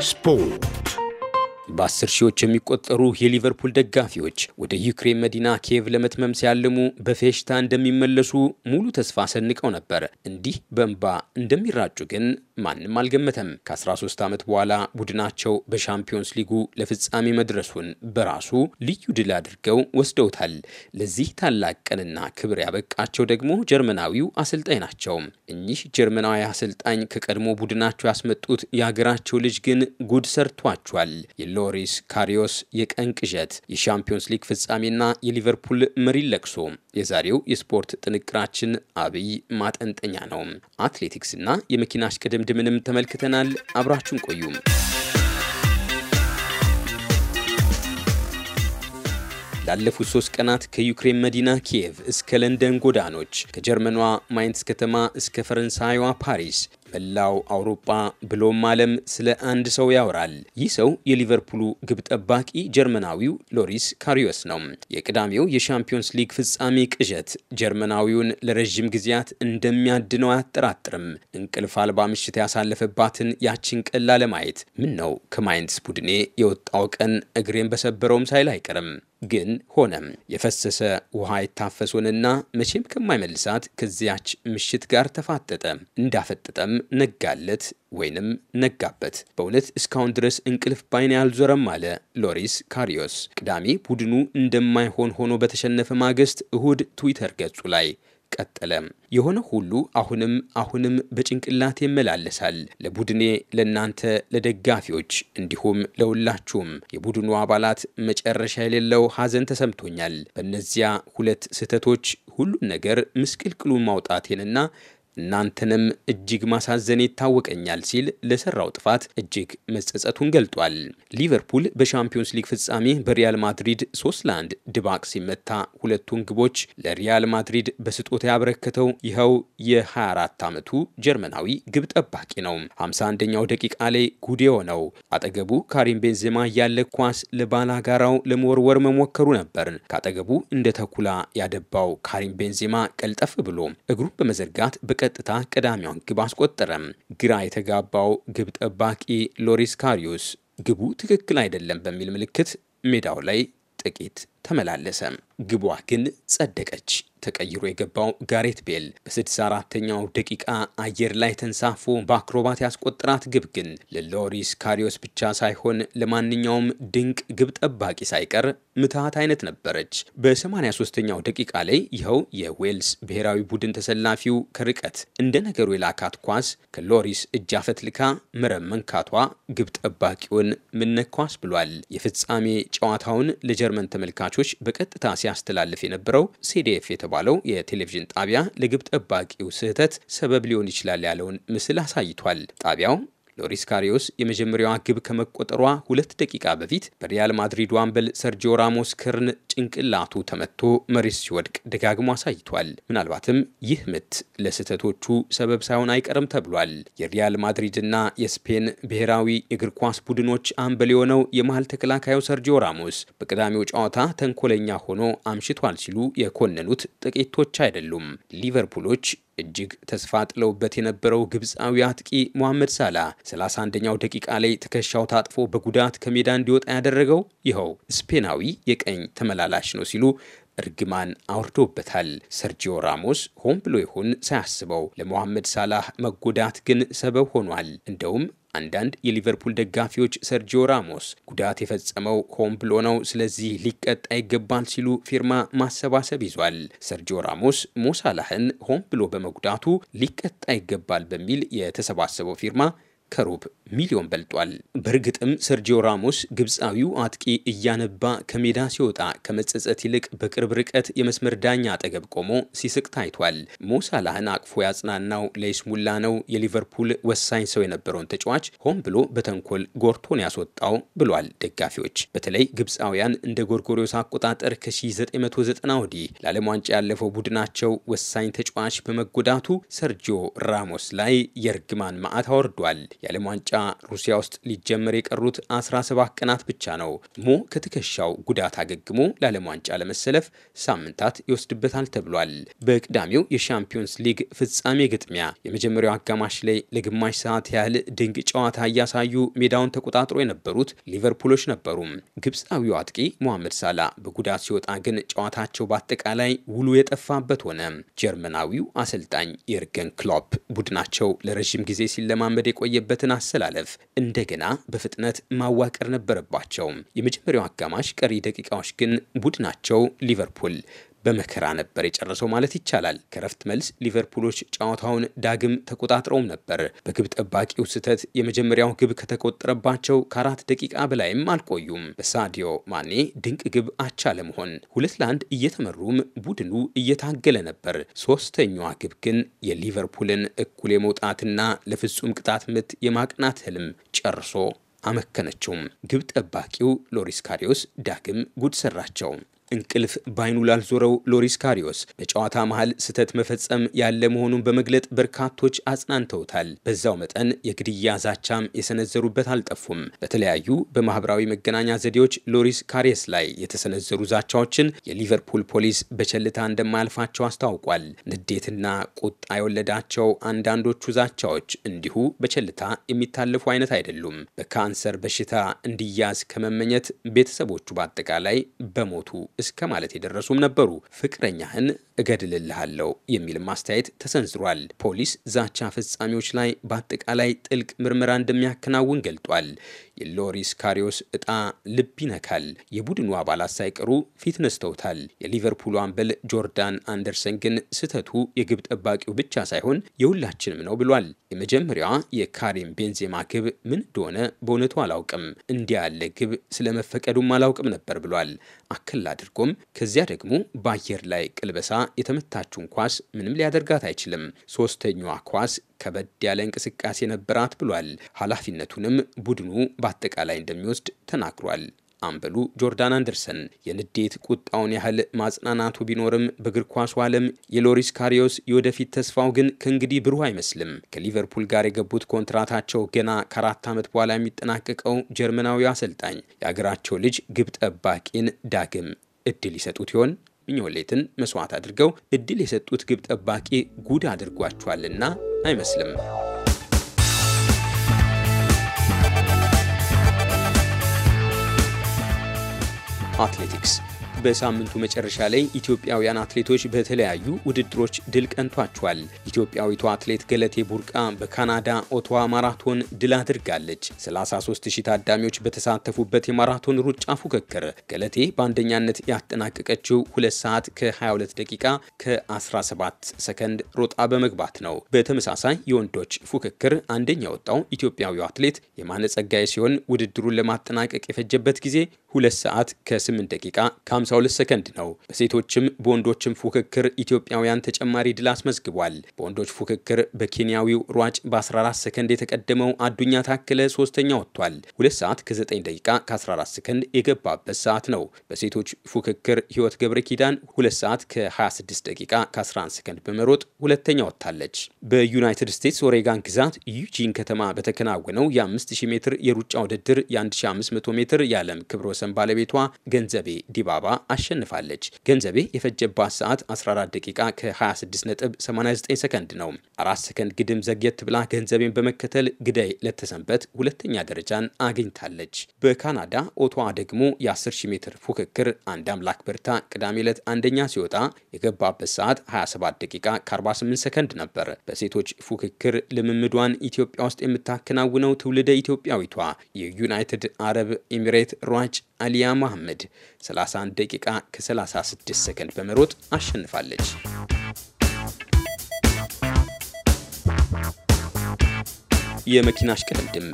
Sport. በአስር ሺዎች የሚቆጠሩ የሊቨርፑል ደጋፊዎች ወደ ዩክሬን መዲና ኪየቭ ለመትመም ሲያልሙ በፌሽታ እንደሚመለሱ ሙሉ ተስፋ ሰንቀው ነበር። እንዲህ በእንባ እንደሚራጩ ግን ማንም አልገመተም። ከ13 ዓመት በኋላ ቡድናቸው በሻምፒዮንስ ሊጉ ለፍጻሜ መድረሱን በራሱ ልዩ ድል አድርገው ወስደውታል። ለዚህ ታላቅ ቀንና ክብር ያበቃቸው ደግሞ ጀርመናዊው አሰልጣኝ ናቸው። እኚህ ጀርመናዊ አሰልጣኝ ከቀድሞ ቡድናቸው ያስመጡት የሀገራቸው ልጅ ግን ጉድ ሰርቷቸዋል። ሎሪስ ካሪዮስ የቀን ቅዠት፣ የሻምፒዮንስ ሊግ ፍጻሜና የሊቨርፑል መሪ ለቅሶ የዛሬው የስፖርት ጥንቅራችን አብይ ማጠንጠኛ ነው። አትሌቲክስና የመኪና እሽቅድምድምንም ተመልክተናል። አብራችሁን ቆዩም። ላለፉት ሶስት ቀናት ከዩክሬን መዲና ኪየቭ እስከ ለንደን ጎዳኖች ከጀርመኗ ማይንስ ከተማ እስከ ፈረንሳይዋ ፓሪስ መላው አውሮፓ ብሎም ዓለም ስለ አንድ ሰው ያወራል። ይህ ሰው የሊቨርፑሉ ግብ ጠባቂ ጀርመናዊው ሎሪስ ካሪዮስ ነው። የቅዳሜው የሻምፒዮንስ ሊግ ፍጻሜ ቅዠት ጀርመናዊውን ለረዥም ጊዜያት እንደሚያድነው አያጠራጥርም። እንቅልፍ አልባ ምሽት ያሳለፈባትን ያችን ቀን ላለማየት ምን ነው ከማይንስ ቡድኔ የወጣው ቀን እግሬን በሰበረውም ሳይል አይቀርም። ግን ሆነም የፈሰሰ ውሃ የታፈሱንና መቼም ከማይመልሳት ከዚያች ምሽት ጋር ተፋጠጠ። እንዳፈጠጠም ነጋለት ወይንም ነጋበት። በእውነት እስካሁን ድረስ እንቅልፍ ባይን ያልዞረም አለ ሎሪስ ካሪዮስ። ቅዳሜ ቡድኑ እንደማይሆን ሆኖ በተሸነፈ ማግስት እሁድ ትዊተር ገጹ ላይ ቀጠለ። የሆነ ሁሉ አሁንም አሁንም በጭንቅላት ይመላለሳል። ለቡድኔ፣ ለእናንተ ለደጋፊዎች፣ እንዲሁም ለሁላችሁም የቡድኑ አባላት መጨረሻ የሌለው ሐዘን ተሰምቶኛል። በእነዚያ ሁለት ስህተቶች ሁሉን ነገር ምስቅልቅሉ ማውጣቴንና እናንተንም እጅግ ማሳዘን ይታወቀኛል ሲል ለሰራው ጥፋት እጅግ መጸጸቱን ገልጧል። ሊቨርፑል በሻምፒዮንስ ሊግ ፍጻሜ በሪያል ማድሪድ ለ1 ድባቅ ሲመታ ሁለቱን ግቦች ለሪያል ማድሪድ በስጦታ ያበረከተው ይኸው የ24 ዓመቱ ጀርመናዊ ግብ ጠባቂ ነው። 51ኛው ደቂቃ ላይ ጉድ ነው። አጠገቡ ካሪም ቤንዜማ ያለ ኳስ ለባላጋራው ለመወርወር መሞከሩ ነበር። ካጠገቡ እንደ ተኩላ ያደባው ካሪም ቤንዜማ ቀልጠፍ ብሎ እግሩን በመዘርጋት በቀ በቀጥታ ቀዳሚውን ግብ አስቆጠረም። ግራ የተጋባው ግብ ጠባቂ ሎሪስ ካሪዮስ ግቡ ትክክል አይደለም በሚል ምልክት ሜዳው ላይ ጥቂት ተመላለሰም። ግቧ ግን ጸደቀች። ተቀይሮ የገባው ጋሬት ቤል በ64ተኛው ደቂቃ አየር ላይ ተንሳፎ በአክሮባት ያስቆጠራት ግብ ግን ለሎሪስ ካሪዮስ ብቻ ሳይሆን ለማንኛውም ድንቅ ግብ ጠባቂ ሳይቀር ምትሃት አይነት ነበረች። በ83ኛው ደቂቃ ላይ ይኸው የዌልስ ብሔራዊ ቡድን ተሰላፊው ከርቀት እንደ ነገሩ የላካት ኳስ ከሎሪስ እጅ አፈትልካ መረብ መንካቷ ግብ ጠባቂውን ምነኳስ ብሏል። የፍጻሜ ጨዋታውን ለጀርመን ተመልካቾች በቀጥታ ሲያ ሲያስተላልፍ የነበረው ሲዲኤፍ የተባለው የቴሌቪዥን ጣቢያ ለግብ ጠባቂው ስህተት ሰበብ ሊሆን ይችላል ያለውን ምስል አሳይቷል። ጣቢያው ሎሪስ ካሪዮስ የመጀመሪያዋ ግብ ከመቆጠሯ ሁለት ደቂቃ በፊት በሪያል ማድሪድ አምበል ሰርጂዮ ራሞስ ክርን ጭንቅላቱ ተመቶ መሬት ሲወድቅ ደጋግሞ አሳይቷል። ምናልባትም ይህ ምት ለስህተቶቹ ሰበብ ሳይሆን አይቀርም ተብሏል። የሪያል ማድሪድና የስፔን ብሔራዊ እግር ኳስ ቡድኖች አምበል የሆነው የመሀል ተከላካዩ ሰርጂዮ ራሞስ በቅዳሜው ጨዋታ ተንኮለኛ ሆኖ አምሽቷል ሲሉ የኮነኑት ጥቂቶች አይደሉም። ሊቨርፑሎች እጅግ ተስፋ ጥለውበት የነበረው ግብፃዊ አጥቂ ሞሐመድ ሳላ 31ኛው ደቂቃ ላይ ትከሻው ታጥፎ በጉዳት ከሜዳ እንዲወጣ ያደረገው ይኸው ስፔናዊ የቀኝ ተመላላሽ ነው ሲሉ እርግማን አውርዶበታል። ሰርጂዮ ራሞስ ሆን ብሎ ይሁን ሳያስበው ለሞሐመድ ሳላህ መጎዳት ግን ሰበብ ሆኗል። እንደውም አንዳንድ የሊቨርፑል ደጋፊዎች ሰርጂዮ ራሞስ ጉዳት የፈጸመው ሆን ብሎ ነው፣ ስለዚህ ሊቀጣ ይገባል ሲሉ ፊርማ ማሰባሰብ ይዟል። ሰርጂዮ ራሞስ ሞሳላህን ሆን ብሎ በመጉዳቱ ሊቀጣ ይገባል በሚል የተሰባሰበው ፊርማ ከሩብ ሚሊዮን በልጧል። በእርግጥም ሰርጂዮ ራሞስ ግብፃዊው አጥቂ እያነባ ከሜዳ ሲወጣ ከመጸጸት ይልቅ በቅርብ ርቀት የመስመር ዳኛ አጠገብ ቆሞ ሲስቅ ታይቷል። ሞሳላህን አቅፎ ያጽናናው ለይስሙላ ነው። የሊቨርፑል ወሳኝ ሰው የነበረውን ተጫዋች ሆን ብሎ በተንኮል ጎርቶን ያስወጣው ብሏል ደጋፊዎች። በተለይ ግብፃውያን እንደ ጎርጎሪዮስ አቆጣጠር ከ1990 ወዲህ ለዓለም ዋንጫ ያለፈው ቡድናቸው ወሳኝ ተጫዋች በመጎዳቱ ሰርጂዮ ራሞስ ላይ የእርግማን መዓት አወርዷል። የዓለም ዋንጫ ሩሲያ ውስጥ ሊጀመር የቀሩት 17 ቀናት ብቻ ነው። ሞ ከትከሻው ጉዳት አገግሞ ለዓለም ዋንጫ ለመሰለፍ ሳምንታት ይወስድበታል ተብሏል። በቅዳሜው የሻምፒዮንስ ሊግ ፍጻሜ ግጥሚያ የመጀመሪያው አጋማሽ ላይ ለግማሽ ሰዓት ያህል ድንቅ ጨዋታ እያሳዩ ሜዳውን ተቆጣጥሮ የነበሩት ሊቨርፑሎች ነበሩ። ግብፃዊው አጥቂ ሞሐመድ ሳላ በጉዳት ሲወጣ ግን ጨዋታቸው በአጠቃላይ ውሉ የጠፋበት ሆነ። ጀርመናዊው አሰልጣኝ የርገን ክሎፕ ቡድናቸው ለረዥም ጊዜ ሲለማመድ የቆየበትን አሰላ ለማስተላለፍ እንደገና በፍጥነት ማዋቀር ነበረባቸው። የመጀመሪያው አጋማሽ ቀሪ ደቂቃዎች ግን ቡድናቸው ሊቨርፑል በመከራ ነበር የጨረሰው ማለት ይቻላል። ከረፍት መልስ ሊቨርፑሎች ጨዋታውን ዳግም ተቆጣጥረውም ነበር። በግብ ጠባቂው ስህተት የመጀመሪያው ግብ ከተቆጠረባቸው ከአራት ደቂቃ በላይም አልቆዩም። በሳዲዮ ማኔ ድንቅ ግብ አቻ ለመሆን ሁለት ለአንድ እየተመሩም ቡድኑ እየታገለ ነበር። ሶስተኛዋ ግብ ግን የሊቨርፑልን እኩል የመውጣትና ለፍጹም ቅጣት ምት የማቅናት ህልም ጨርሶ አመከነችውም። ግብ ጠባቂው ሎሪስ ካሪዮስ ዳግም ጉድ ሰራቸው። እንቅልፍ ባይኑ ላልዞረው ሎሪስ ካሪዮስ በጨዋታ መሀል ስህተት መፈጸም ያለ መሆኑን በመግለጥ በርካቶች አጽናንተውታል። በዛው መጠን የግድያ ዛቻም የሰነዘሩበት አልጠፉም። በተለያዩ በማህበራዊ መገናኛ ዘዴዎች ሎሪስ ካሪየስ ላይ የተሰነዘሩ ዛቻዎችን የሊቨርፑል ፖሊስ በቸልታ እንደማያልፋቸው አስታውቋል። ንዴትና ቁጣ የወለዳቸው አንዳንዶቹ ዛቻዎች እንዲሁ በቸልታ የሚታለፉ አይነት አይደሉም። በካንሰር በሽታ እንዲያዝ ከመመኘት ቤተሰቦቹ በአጠቃላይ በሞቱ እስከ ማለት የደረሱም ነበሩ። ፍቅረኛህን እገድልልሃለሁ የሚልም አስተያየት ተሰንዝሯል። ፖሊስ ዛቻ ፈጻሚዎች ላይ በአጠቃላይ ጥልቅ ምርመራ እንደሚያከናውን ገልጧል። የሎሪስ ካሪዮስ እጣ ልብ ይነካል። የቡድኑ አባላት ሳይቀሩ ፊት ነስተውታል። የሊቨርፑሉ አምበል ጆርዳን አንደርሰን ግን ስህተቱ የግብ ጠባቂው ብቻ ሳይሆን የሁላችንም ነው ብሏል። የመጀመሪያዋ የካሪም ቤንዜማ ግብ ምን እንደሆነ በእውነቱ አላውቅም፣ እንዲያ ያለ ግብ ስለመፈቀዱም አላውቅም ነበር ብሏል። አክል አድርጎም ከዚያ ደግሞ በአየር ላይ ቅልበሳ የተመታችውን ኳስ ምንም ሊያደርጋት አይችልም። ሶስተኛዋ ኳስ ከበድ ያለ እንቅስቃሴ ነበራት ብሏል። ኃላፊነቱንም ቡድኑ በአጠቃላይ እንደሚወስድ ተናግሯል። አምበሉ ጆርዳን አንደርሰን የንዴት ቁጣውን ያህል ማጽናናቱ ቢኖርም በእግር ኳሱ ዓለም የሎሪስ ካሪዮስ የወደፊት ተስፋው ግን ከእንግዲህ ብሩህ አይመስልም። ከሊቨርፑል ጋር የገቡት ኮንትራታቸው ገና ከአራት ዓመት በኋላ የሚጠናቀቀው ጀርመናዊ አሰልጣኝ የአገራቸው ልጅ ግብ ጠባቂን ዳግም እድል ይሰጡት ይሆን? ምኞሌትን መስዋዕት አድርገው እድል የሰጡት ግብ ጠባቂ ጉድ አድርጓቸዋልና አይመስልም። አትሌቲክስ በሳምንቱ መጨረሻ ላይ ኢትዮጵያውያን አትሌቶች በተለያዩ ውድድሮች ድል ቀንቷቸዋል። ኢትዮጵያዊቷ አትሌት ገለቴ ቡርቃ በካናዳ ኦቶዋ ማራቶን ድል አድርጋለች። 33000 ታዳሚዎች በተሳተፉበት የማራቶን ሩጫ ፉክክር ገለቴ በአንደኛነት ያጠናቀቀችው 2 ሰዓት ከ22 ደቂቃ ከ17 ሰከንድ ሮጣ በመግባት ነው። በተመሳሳይ የወንዶች ፉክክር አንደኛ የወጣው ኢትዮጵያዊው አትሌት የማነ ሲሆን ውድድሩን ለማጠናቀቅ የፈጀበት ጊዜ ሁለት ሰዓት ከ8 ደቂቃ ከ52 ሰከንድ ነው። በሴቶችም በወንዶችም ፉክክር ኢትዮጵያውያን ተጨማሪ ድል አስመዝግቧል። በወንዶች ፉክክር በኬንያዊው ሯጭ በ14 ሰከንድ የተቀደመው አዱኛ ታክለ ሶስተኛ ወጥቷል። 2 ሰዓት ከ9 ደቂቃ ከ14 ሰከንድ የገባበት ሰዓት ነው። በሴቶች ፉክክር ህይወት ገብረ ኪዳን 2 ሰዓት ከ26 ደቂቃ ከ11 ሰከንድ በመሮጥ ሁለተኛ ወጥታለች። በዩናይትድ ስቴትስ ኦሬጋን ግዛት ዩጂን ከተማ በተከናወነው የ5000 ሜትር የሩጫ ውድድር የ1500 ሜትር የዓለም ክብረ ወሰን ባለቤቷ ገንዘቤ ዲባባ አሸንፋለች። ገንዘቤ የፈጀባት ሰዓት 14 ደቂቃ ከ26.89 ሰከንድ ነው። አራት ሰከንድ ግድም ዘግየት ብላ ገንዘቤን በመከተል ግዳይ ለተሰንበት ሁለተኛ ደረጃን አግኝታለች። በካናዳ ኦቶዋ ደግሞ የ10000 ሜትር ፉክክር አንድ አምላክ በርታ ቅዳሜ ዕለት አንደኛ ሲወጣ የገባበት ሰዓት 27 ደቂቃ ከ48 ሰከንድ ነበር። በሴቶች ፉክክር ልምምዷን ኢትዮጵያ ውስጥ የምታከናውነው ትውልደ ኢትዮጵያዊቷ የዩናይትድ አረብ ኤሚሬት ሯጭ አሊያ መሐመድ 31 ደቂቃ ከ36 ሰከንድ በመሮጥ አሸንፋለች። የመኪና እሽቅድምድም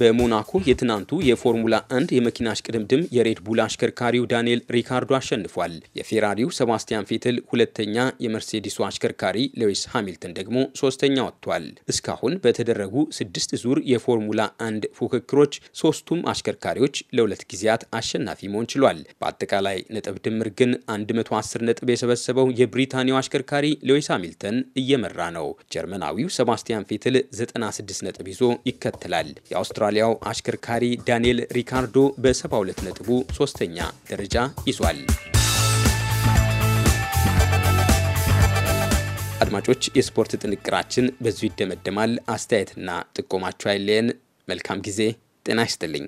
በሞናኮ የትናንቱ የፎርሙላ 1 የመኪና እሽቅድምድም የሬድ ቡል አሽከርካሪው ዳንኤል ሪካርዶ አሸንፏል። የፌራሪው ሰባስቲያን ፌትል ሁለተኛ፣ የመርሴዲሱ አሽከርካሪ ሌዊስ ሃሚልተን ደግሞ ሶስተኛ ወጥቷል። እስካሁን በተደረጉ ስድስት ዙር የፎርሙላ 1 ፉክክሮች ሶስቱም አሽከርካሪዎች ለሁለት ጊዜያት አሸናፊ መሆን ችሏል። በአጠቃላይ ነጥብ ድምር ግን 110 ነጥብ የሰበሰበው የብሪታንያው አሽከርካሪ ሌዊስ ሃሚልተን እየመራ ነው። ጀርመናዊው ሰባስቲያን ፌትል 96 ነጥብ ይዞ ይከተላል። የአውስትራ የአውስትራሊያው አሽከርካሪ ዳንኤል ሪካርዶ በ72 ነጥቡ ሶስተኛ ደረጃ ይዟል። አድማጮች፣ የስፖርት ጥንቅራችን በዚሁ ይደመደማል። አስተያየትና ጥቆማችሁ አይለየን። መልካም ጊዜ። ጤና ይስጥልኝ።